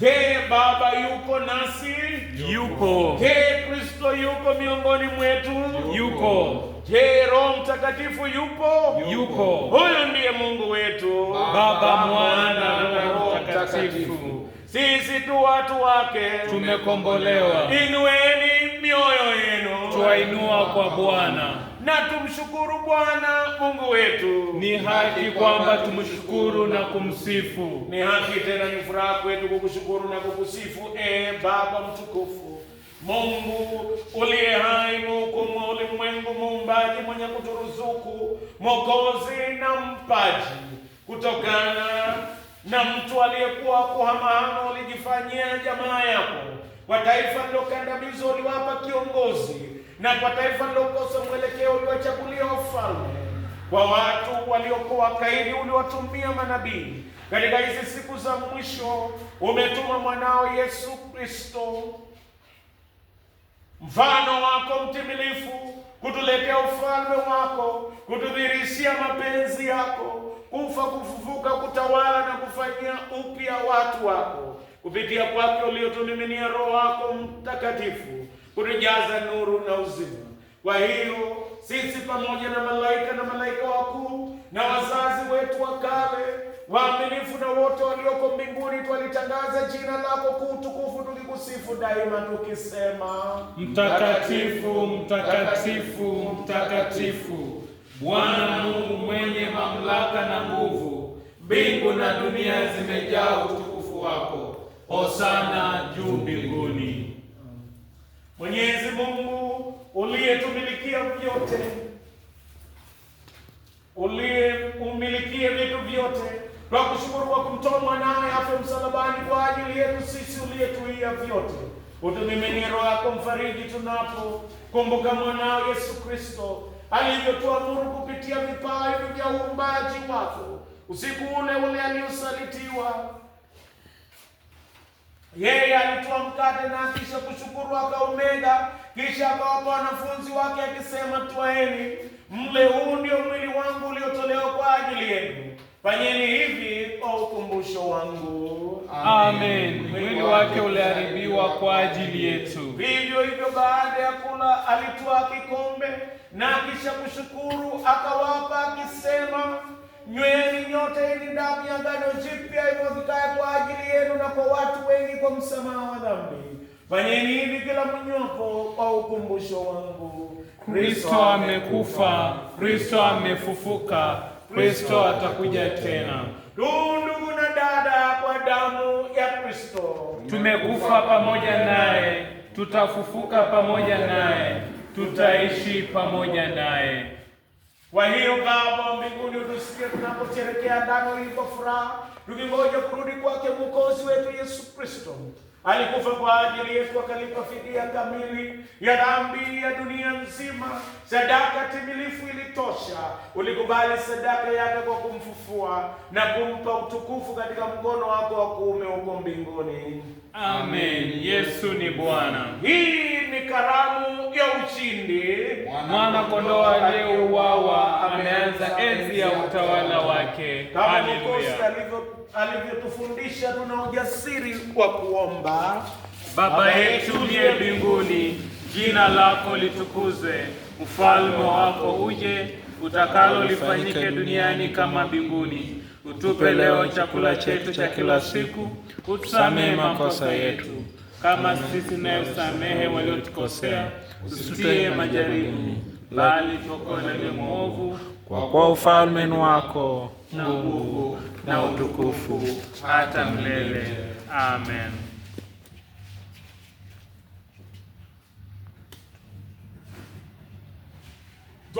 Je, Baba yuko nasi? Yuko. Je, Kristo yuko miongoni mwetu? Yuko. Je, Roho Mtakatifu yupo? Yuko. Huyu ndiye Mungu wetu, Baba, Mwana na Roho Mtakatifu. Sisi tu watu wake tumekombolewa. Inueni mioyo yenu, twainua kwa Bwana na tumshukuru Bwana Mungu wetu. Ni haki kwamba tumshukuru na kumsifu. Ni haki tena ni furaha kwetu kukushukuru na kukusifu, e Baba mtukufu, Mungu uliye hai, Muhukumu wa ulimwengu, Muumbaji, mwenye kuturuzuku, Mwokozi na mpaji, kutokana na mtu aliyekuwa kuhamahama ulijifanyia jamaa yako, kwa taifa lilokandamizwa uliwapa kiongozi, na kwa taifa lilokosa mwelekeo uliwachagulia ufalme kwa watu waliokuwa kaidi, uliwatumia manabii. Katika hizi siku za mwisho umetuma mwanao Yesu Kristo, mfano wako mtimilifu, kutuletea ufalme wako, kutudhirishia mapenzi yako, kufa, kufufuka, kutawala na kufanyia upya watu wako, kupitia kwake uliotumiminia Roho wako Mtakatifu, kutujaza nuru na uzima. Kwa hiyo sisi pamoja na malaika na malaika wakuu na wazazi wetu wa kale waaminifu na wote walioko mbinguni twalitangaza jina lako kuu tukufu, tulikusifu daima tukisema, mtakatifu mtakatifu mtakatifu, Bwana Mungu mwenye mamlaka na nguvu. Mbingu na dunia zimejaa utukufu wako. Hosana juu mbinguni. Mwenyezi vyote, umilikie vitu vyote. kushukuru kwa kumtoa mwanawe hapo msalabani kwa ajili yetu sisi, uliyetuia vyote. Utumiminie roho yako mfariji tunapo kumbuka mwanao Yesu Kristo alivyotuamuru kupitia hivi vya uumbaji wako. Usiku ule ule aliusalitiwa yeye alitoa mkate na kisha kushukuru akaumega, kisha akawapa wanafunzi wake akisema, twaeni mle, huu ndio mwili wangu uliotolewa kwa ajili yenu, fanyeni hivi kwa ukumbusho wangu. Amen. Mwili wake uliharibiwa kwa ajili yetu. Vivyo hivyo, baada ya kula alitoa kikombe na kisha kushukuru akawapa akisema, nyweni nyote, hili damu ya agano jipya imwagikayo kwa ajili kwa msamaha wa dhambi. Fanyeni hivi kila mnyopo kwa ukumbusho wangu. Kristo amekufa, Kristo amefufuka, Kristo atakuja tena. Ndugu na dada, kwa damu ya Kristo tumekufa pamoja naye, tutafufuka pamoja naye, tutaishi pamoja naye. Kwa hiyo Baba mbinguni, utusikie tunaposherekea ndano hii furaha, tukingoja kurudi kwake mwokozi wetu Yesu Kristo. Alikufa kwa ajili yetu, akalipa fidia kamili ya dhambi ya dunia nzima. Sadaka timilifu ilitosha. Ulikubali sadaka yake kwa kumfufua na kumpa utukufu katika mkono wako wa kuume huko mbinguni. Amen. Yesu ni Bwana. Hii mwana kondoa aliyeuawa ameanza enzi ya utawala wake. alivyotufundisha, tuna ujasiri wa kuomba: Baba yetu uliye mbinguni, jina lako litukuzwe, ufalme wako uje, utakalo lifanyike duniani kama mbinguni. Utupe leo chakula chetu cha kila siku, utusamee makosa yetu kama sisi nayosamehe waliotukosea, usitie majarimu bali tuokoe na yule mwovu, kwa kuwa ufalme ni wako na nguvu na utukufu hata milele. Amen.